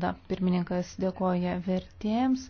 valandą. Pirmininkas dėkoja vertėjams.